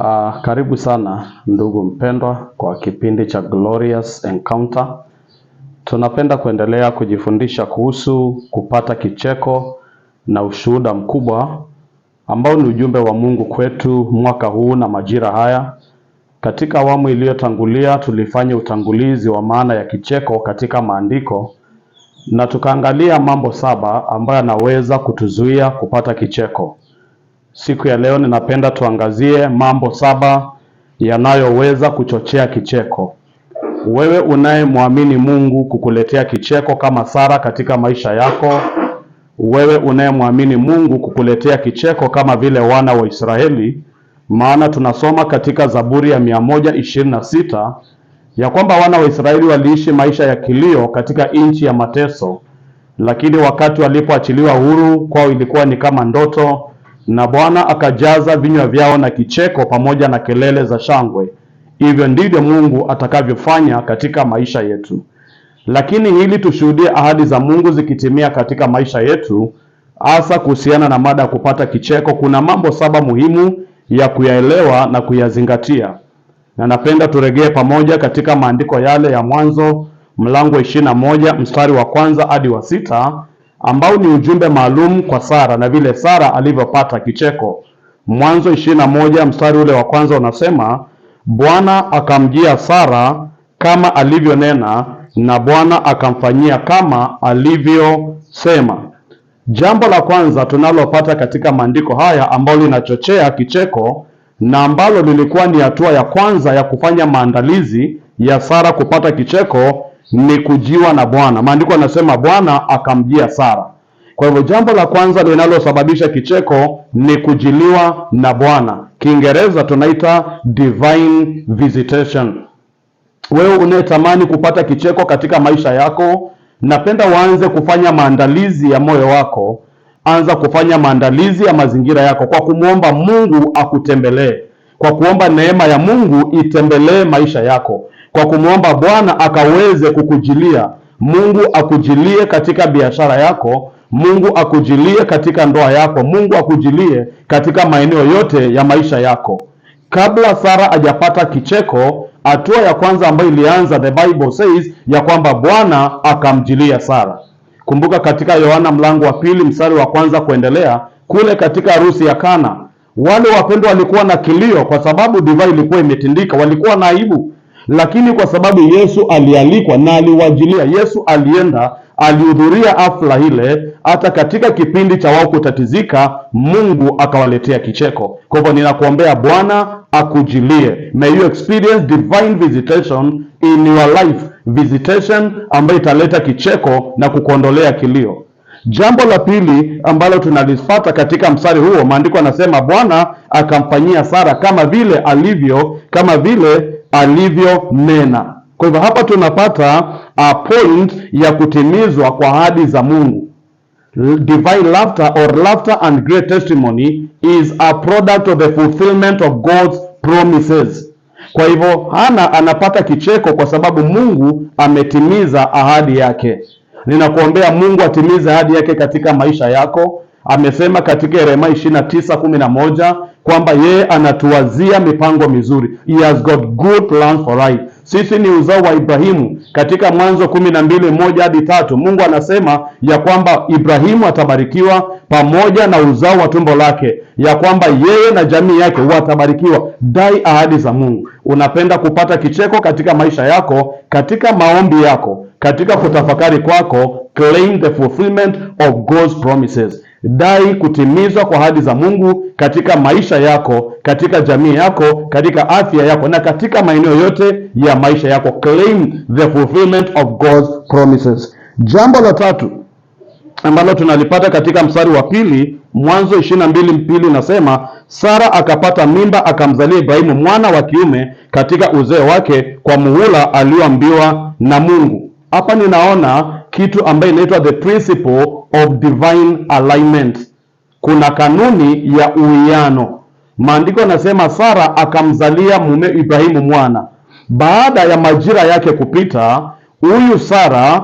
Uh, karibu sana ndugu mpendwa kwa kipindi cha Glorious Encounter. Tunapenda kuendelea kujifundisha kuhusu kupata kicheko na ushuhuda mkubwa ambao ni ujumbe wa Mungu kwetu mwaka huu na majira haya. Katika awamu iliyotangulia tulifanya utangulizi wa maana ya kicheko katika maandiko na tukaangalia mambo saba ambayo yanaweza kutuzuia kupata kicheko. Siku ya leo ninapenda tuangazie mambo saba yanayoweza kuchochea kicheko. Wewe unayemwamini Mungu kukuletea kicheko kama Sara katika maisha yako, wewe unayemwamini Mungu kukuletea kicheko kama vile wana wa Israeli, maana tunasoma katika Zaburi ya 126 sita ya kwamba wana wa Israeli waliishi maisha ya kilio katika nchi ya mateso, lakini wakati walipoachiliwa huru kwao ilikuwa ni kama ndoto na Bwana akajaza vinywa vyao na kicheko pamoja na kelele za shangwe. Hivyo ndivyo Mungu atakavyofanya katika maisha yetu. Lakini ili tushuhudie ahadi za Mungu zikitimia katika maisha yetu, hasa kuhusiana na mada ya kupata kicheko, kuna mambo saba muhimu ya kuyaelewa na kuyazingatia, na napenda turegee pamoja katika maandiko yale ya Mwanzo mlango 21 mstari wa kwanza hadi wa sita ambao ni ujumbe maalum kwa Sara na vile Sara alivyopata kicheko. Mwanzo 21 moja mstari ule wa kwanza unasema, Bwana akamjia Sara kama alivyonena na Bwana akamfanyia kama alivyosema. Jambo la kwanza tunalopata katika maandiko haya ambalo linachochea kicheko na ambalo lilikuwa ni hatua ya kwanza ya kufanya maandalizi ya Sara kupata kicheko ni kujiwa na Bwana. Maandiko anasema Bwana akamjia Sara. Kwa hivyo jambo la kwanza linalosababisha kicheko ni kujiliwa na Bwana. Kiingereza tunaita divine visitation. Wewe unayetamani kupata kicheko katika maisha yako, napenda uanze kufanya maandalizi ya moyo wako. Anza kufanya maandalizi ya mazingira yako kwa kumwomba Mungu akutembelee, kwa kuomba neema ya Mungu itembelee maisha yako kwa kumwomba Bwana akaweze kukujilia. Mungu akujilie katika biashara yako, Mungu akujilie katika ndoa yako, Mungu akujilie katika maeneo yote ya maisha yako. Kabla Sara hajapata kicheko, hatua ya kwanza ambayo ilianza, the Bible says ya kwamba Bwana akamjilia Sara. Kumbuka katika Yohana mlango wa pili mstari wa kwanza kuendelea kule katika harusi ya Kana, wale wapendwa walikuwa na kilio kwa sababu divai ilikuwa imetindika, walikuwa na aibu lakini kwa sababu Yesu alialikwa na aliwajilia, Yesu alienda alihudhuria hafla ile, hata katika kipindi cha wao kutatizika, Mungu akawaletea kicheko. Kwa hivyo ninakuombea Bwana akujilie. May you experience divine visitation in your life, visitation ambayo italeta kicheko na kukuondolea kilio. Jambo la pili ambalo tunalifata katika mstari huo, maandiko anasema Bwana akamfanyia Sara kama vile alivyo, kama vile alivyonena. Kwa hivyo hapa tunapata a point ya kutimizwa kwa ahadi za Mungu. Divine laughter or laughter and great testimony is a product of the fulfillment of God's promises. Kwa hivyo Hana anapata kicheko kwa sababu Mungu ametimiza ahadi yake. Ninakuombea Mungu atimize ahadi yake katika maisha yako. Amesema katika Yeremia 2911 kwamba yeye anatuwazia mipango mizuri. He has got good plan for Sisi ni uzao wa Ibrahimu. Katika Mwanzo kumi na mbili moja hadi tatu Mungu anasema ya kwamba Ibrahimu atabarikiwa pamoja na uzao wa tumbo lake, ya kwamba yeye na jamii yake watabarikiwa. Dai ahadi za Mungu. Unapenda kupata kicheko katika maisha yako, katika maombi yako, katika kutafakari kwako, claim the fulfillment of God's promises. Dai kutimizwa kwa ahadi za Mungu katika maisha yako, katika jamii yako, katika afya yako na katika maeneo yote ya maisha yako. Claim the fulfillment of God's promises. Jambo la tatu ambalo tunalipata katika mstari wa pili, Mwanzo 22pili mbili inasema Sara akapata mimba akamzalia Ibrahimu mwana wa kiume katika uzee wake, kwa muhula alioambiwa na Mungu. Hapa ninaona kitu ambaye inaitwa the principle of divine alignment, kuna kanuni ya uwiano. Maandiko yanasema Sara akamzalia mume Ibrahimu mwana. Baada ya majira yake kupita, huyu Sara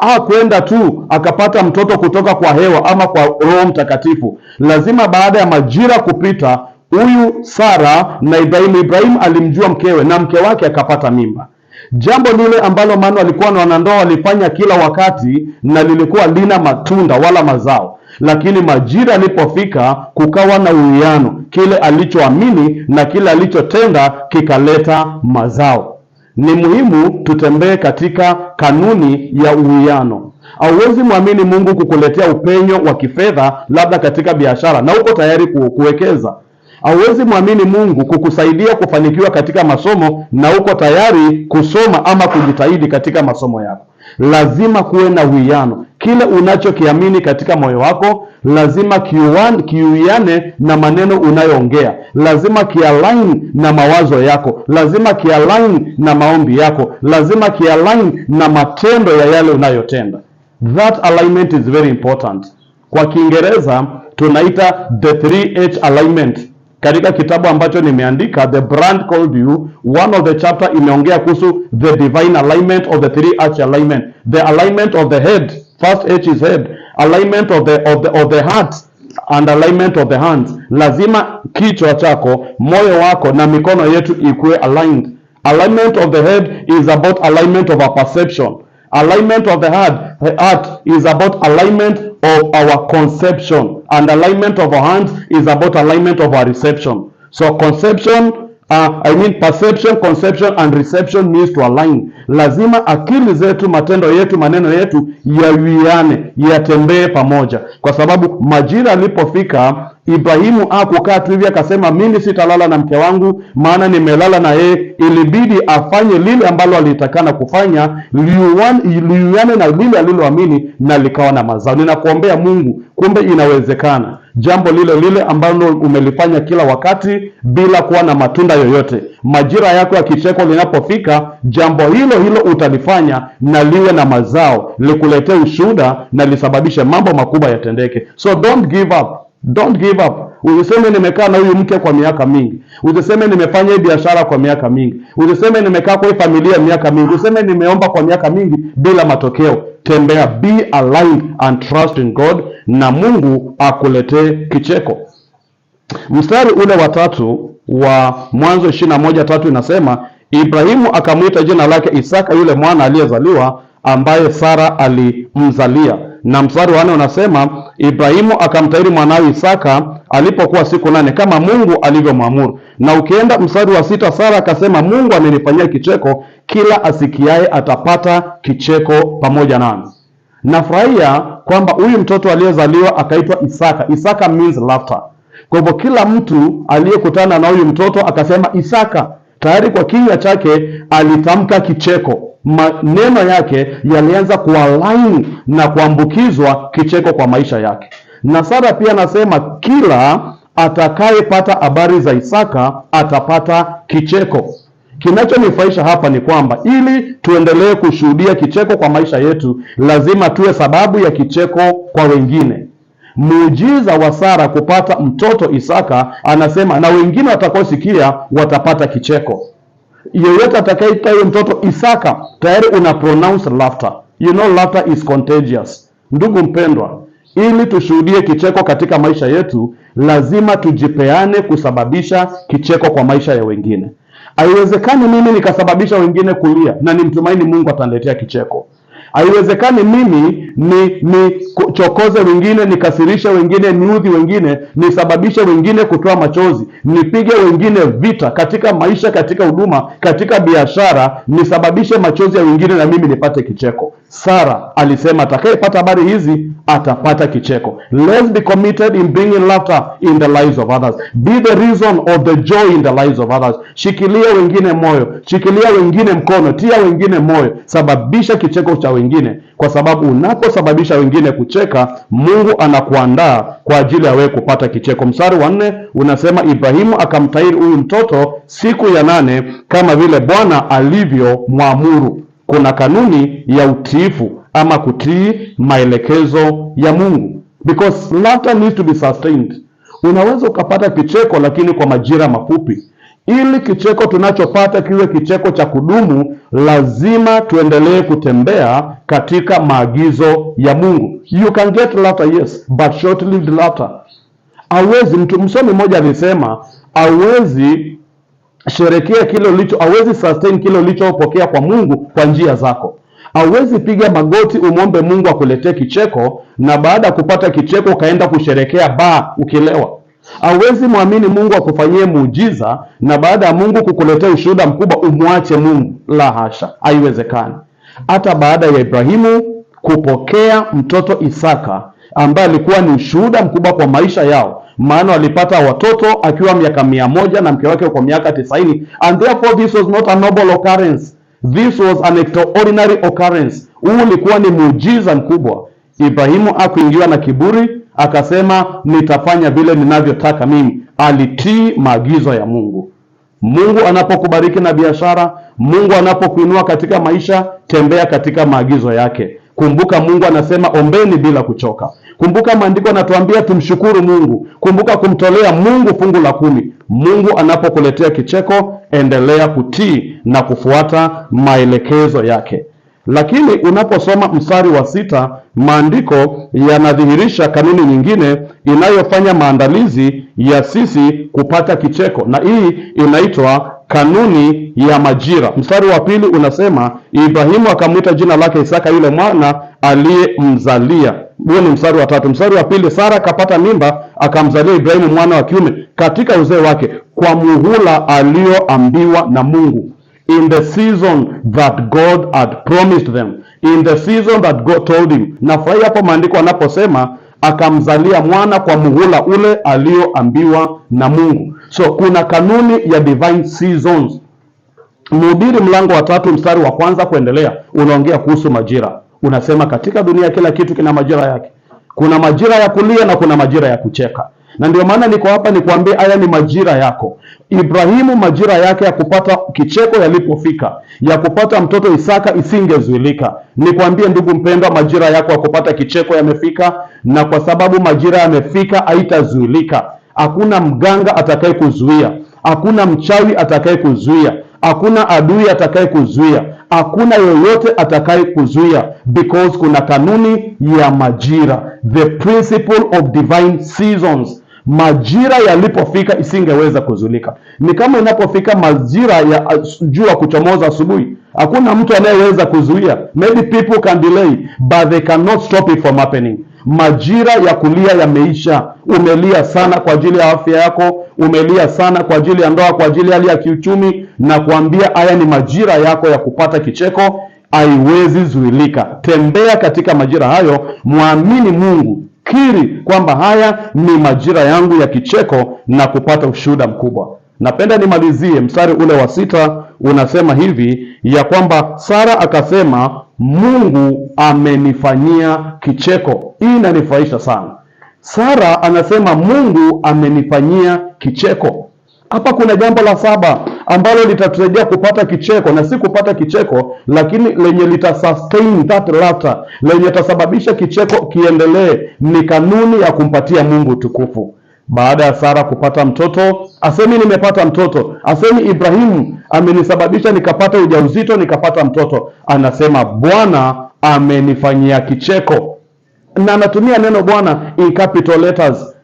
hakwenda tu akapata mtoto kutoka kwa hewa ama kwa Roho Mtakatifu. Lazima baada ya majira kupita, huyu Sara na Ibrahimu, Ibrahimu alimjua mkewe na mke wake akapata mimba. Jambo lile ambalo Manu alikuwa na wanandoa walifanya kila wakati na lilikuwa lina matunda wala mazao, lakini majira yalipofika kukawa na uwiano, kile alichoamini na kile alichotenda kikaleta mazao. Ni muhimu tutembee katika kanuni ya uwiano. Hauwezi mwamini Mungu kukuletea upenyo wa kifedha labda katika biashara na uko tayari kuwekeza Hauwezi mwamini Mungu kukusaidia kufanikiwa katika masomo na uko tayari kusoma ama kujitahidi katika masomo yako. Lazima kuwe na uwiano. Kile unachokiamini katika moyo wako lazima kiuiane na maneno unayoongea, lazima kialign na mawazo yako, lazima kialign na maombi yako, lazima kialign na matendo ya yale unayotenda. That alignment is very important. Kwa Kiingereza tunaita the 3H alignment katika kitabu ambacho nimeandika The Brand Called You, one of the chapter imeongea kuhusu the divine alignment of the three arch alignment, the alignment of the head, first h is head, alignment of the, of the, of the heart and alignment of the hands. Lazima kichwa chako, moyo wako na mikono yetu ikuwe aligned. Alignment of the head is about alignment of our perception. Alignment of the heart, the heart is about alignment of our conception and alignment of our hands is about alignment of our reception. So conception Uh, I mean perception, conception and reception needs to align. Lazima akili zetu, matendo yetu, maneno yetu yawiane, yatembee pamoja, kwa sababu majira alipofika Ibrahimu akukaa tu hivi akasema mimi sitalala na mke wangu, maana nimelala na yeye. Ilibidi afanye lile ambalo alitakana kufanya, liuane na lile aliloamini, na likawa na mazao. Ninakuombea Mungu, kumbe inawezekana jambo lile lile ambalo umelifanya kila wakati bila kuwa na matunda yoyote. Majira yako ya kicheko linapofika, jambo hilo hilo utalifanya na liwe na mazao, likuletee ushuhuda na lisababishe mambo makubwa yatendeke. So don't give up. Don't give up. Usiseme nimekaa na huyu mke kwa miaka mingi, usiseme nimefanya hii biashara kwa miaka mingi, usiseme nimekaa kwa hii familia miaka mingi, usiseme nimeomba kwa miaka mingi bila matokeo. Tembea, be aligned and trust in God, na Mungu akuletee kicheko. Mstari ule wa tatu wa Mwanzo ishirini na moja tatu inasema Ibrahimu akamwita jina lake Isaka, yule mwana aliyezaliwa ambaye Sara alimzalia na mstari wa nne unasema Ibrahimu akamtahiri mwanawe Isaka alipokuwa siku nane kama Mungu alivyomwamuru. Na ukienda mstari wa sita Sara akasema Mungu amenifanyia kicheko, kila asikiaye atapata kicheko pamoja nami. Nafurahia kwamba huyu mtoto aliyezaliwa akaitwa Isaka. Isaka means laughter. Kwa hivyo kila mtu aliyekutana na huyu mtoto akasema Isaka, tayari kwa kinywa chake alitamka kicheko maneno yake yalianza kualign na kuambukizwa kicheko kwa maisha yake. Na Sara pia anasema kila atakayepata habari za Isaka atapata kicheko. Kinachonifurahisha hapa ni kwamba ili tuendelee kushuhudia kicheko kwa maisha yetu, lazima tuwe sababu ya kicheko kwa wengine. Muujiza wa Sara kupata mtoto Isaka, anasema na wengine watakaosikia watapata kicheko yeyote atakayeita huyo mtoto Isaka, tayari una pronounce laughter. You know laughter is contagious. Ndugu mpendwa, ili tushuhudie kicheko katika maisha yetu, lazima tujipeane kusababisha kicheko kwa maisha ya wengine. Haiwezekani mimi nikasababisha wengine kulia na nimtumaini Mungu ataniletea kicheko. Haiwezekani mimi ni nichokoze wengine, nikasirishe wengine, niudhi wengine, nisababishe wengine kutoa machozi, nipige wengine vita katika maisha, katika huduma, katika biashara, nisababishe machozi ya wengine na mimi nipate kicheko. Sara alisema atakayepata habari hizi atapata kicheko. Let's be committed in bringing laughter in the lives of others. Be the reason of the joy in the lives of others. Shikilia wengine moyo, shikilia wengine mkono, tia wengine moyo, sababisha kicheko cha wengine, kwa sababu unaposababisha wengine kucheka, Mungu anakuandaa kwa ajili ya wewe kupata kicheko. Mstari wa nne unasema Ibrahimu akamtahiri huyu mtoto siku ya nane kama vile Bwana alivyomwamuru kuna kanuni ya utiifu ama kutii maelekezo ya Mungu, because laughter needs to be sustained. Unaweza ukapata kicheko lakini kwa majira mafupi. Ili kicheko tunachopata kiwe kicheko cha kudumu, lazima tuendelee kutembea katika maagizo ya Mungu. You can get laughter, yes, but short-lived laughter. Awezi mtu msomi mmoja alisema awezi sherekea kile ulicho, hawezi sustain kile ulichopokea kwa Mungu kwa njia zako. Hauwezi piga magoti umwombe Mungu akuletee kicheko na baada ya kupata kicheko ukaenda kusherekea baa ukilewa. Hauwezi mwamini Mungu akufanyie muujiza na baada ya Mungu kukuletea ushuhuda mkubwa umwache Mungu. La hasha, haiwezekani. Hata baada ya Ibrahimu kupokea mtoto Isaka ambaye alikuwa ni ushuhuda mkubwa kwa maisha yao, maana alipata watoto akiwa miaka mia moja na mke wake kwa miaka tisaini and therefore this was not a noble occurrence this was an extraordinary occurrence huu ulikuwa ni muujiza mkubwa Ibrahimu akuingiwa na kiburi akasema nitafanya vile ninavyotaka mimi alitii maagizo ya Mungu Mungu anapokubariki na biashara Mungu anapokuinua katika maisha tembea katika maagizo yake Kumbuka Mungu anasema ombeni bila kuchoka. Kumbuka maandiko anatuambia tumshukuru Mungu. Kumbuka kumtolea Mungu fungu la kumi. Mungu anapokuletea kicheko, endelea kutii na kufuata maelekezo yake. Lakini unaposoma mstari wa sita, maandiko yanadhihirisha kanuni nyingine inayofanya maandalizi ya sisi kupata kicheko, na hii inaitwa kanuni ya majira. Mstari wa pili unasema Ibrahimu akamwita jina lake Isaka, yule mwana aliyemzalia. Huo ni mstari wa tatu. Mstari wa pili, Sara akapata mimba akamzalia Ibrahimu mwana wa kiume katika uzee wake, kwa muhula aliyoambiwa na Mungu, in the season that God had promised them, in the season that God told him. Nafurahi hapo maandiko anaposema akamzalia mwana kwa muhula ule alioambiwa na Mungu. So kuna kanuni ya divine seasons. Mhubiri mlango wa tatu mstari wa kwanza kuendelea unaongea kuhusu majira, unasema katika dunia kila kitu kina majira yake. Kuna majira ya kulia na kuna majira ya kucheka na ndio maana niko hapa nikuambie, haya ni majira yako. Ibrahimu majira yake ya kupata kicheko yalipofika, ya kupata mtoto Isaka isingezuilika. Nikwambie ndugu mpendwa, majira yako ya kupata kicheko yamefika, na kwa sababu majira yamefika, haitazuilika. Hakuna mganga atakaye kuzuia, hakuna mchawi atakaye kuzuia, hakuna adui atakaye kuzuia, hakuna yoyote atakaye kuzuia, because kuna kanuni ya majira, the principle of divine seasons majira yalipofika isingeweza kuzulika. Ni kama inapofika majira ya uh, jua kuchomoza asubuhi, hakuna mtu anayeweza kuzuia. Maybe people can delay but they cannot stop it from happening. Majira ya kulia yameisha. Umelia sana kwa ajili ya afya yako, umelia sana kwa ajili ya ndoa, kwa ajili ya hali ya kiuchumi, na kuambia haya ni majira yako ya kupata kicheko, haiwezi zuilika. Tembea katika majira hayo, mwamini Mungu kiri kwamba haya ni majira yangu ya kicheko na kupata ushuhuda mkubwa. Napenda nimalizie mstari ule wa sita, unasema hivi ya kwamba Sara akasema Mungu amenifanyia kicheko. Hii inanifurahisha sana. Sara anasema Mungu amenifanyia kicheko. Hapa kuna jambo la saba ambalo litatusaidia kupata kicheko na si kupata kicheko, lakini lenye sustain that laughter, lenye tasababisha kicheko kiendelee, ni kanuni ya kumpatia Mungu tukufu Baada ya Sara kupata mtoto, asemi nimepata mtoto, asemi Ibrahimu amenisababisha nikapata ujauzito, nikapata mtoto, anasema Bwana amenifanyia kicheko, na anatumia neno Bwana in capital letters.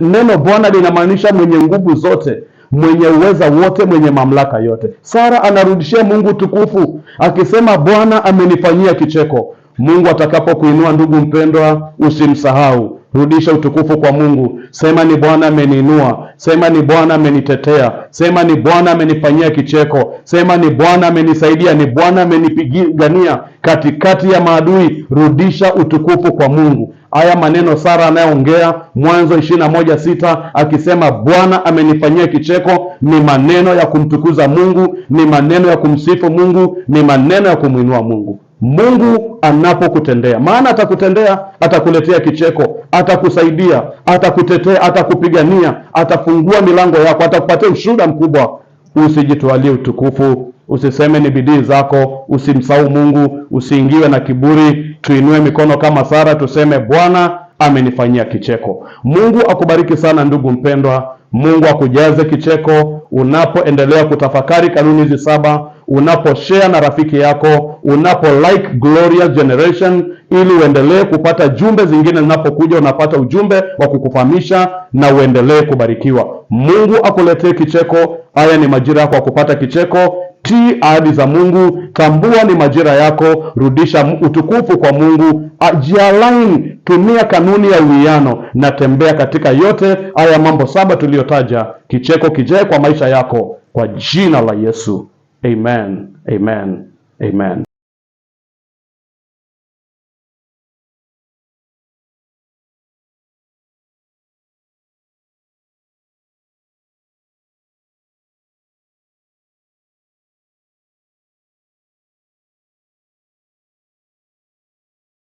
Neno Bwana linamaanisha mwenye nguvu zote mwenye uweza wote, mwenye mamlaka yote. Sara anarudishia Mungu tukufu akisema, Bwana amenifanyia kicheko. Mungu atakapokuinua ndugu mpendwa, usimsahau. Rudisha utukufu kwa Mungu, sema ni Bwana ameniinua, sema ni Bwana amenitetea, sema ni Bwana amenifanyia kicheko, sema ni Bwana amenisaidia, ni Bwana amenipigania katikati ya maadui. Rudisha utukufu kwa Mungu haya maneno Sara anayoongea Mwanzo ishirini na moja sita akisema Bwana amenifanyia kicheko, ni maneno ya kumtukuza Mungu, ni maneno ya kumsifu Mungu, ni maneno ya kumwinua Mungu. Mungu anapokutendea, maana atakutendea, atakuletea kicheko, atakusaidia, atakutetea, atakupigania, atafungua milango yako, atakupatia ushuhuda mkubwa. Usijitwalie utukufu Usiseme ni bidii zako, usimsahau Mungu, usiingiwe na kiburi. Tuinue mikono kama Sara, tuseme Bwana amenifanyia kicheko. Mungu akubariki sana ndugu mpendwa. Mungu akujaze kicheko unapoendelea kutafakari kanuni hizi saba, unaposhare na rafiki yako, unapo like Glorious Generation ili uendelee kupata jumbe zingine zinapokuja, unapata ujumbe wa kukufahamisha na uendelee kubarikiwa. Mungu akuletee kicheko. Haya ni majira yako ya kupata kicheko. Tii ahadi za Mungu, tambua ni majira yako, rudisha utukufu kwa Mungu, ajialain, tumia kanuni ya uwiano na tembea katika yote haya mambo saba tuliyotaja. Kicheko kijae kwa maisha yako kwa jina la Yesu. Amen, amen, amen.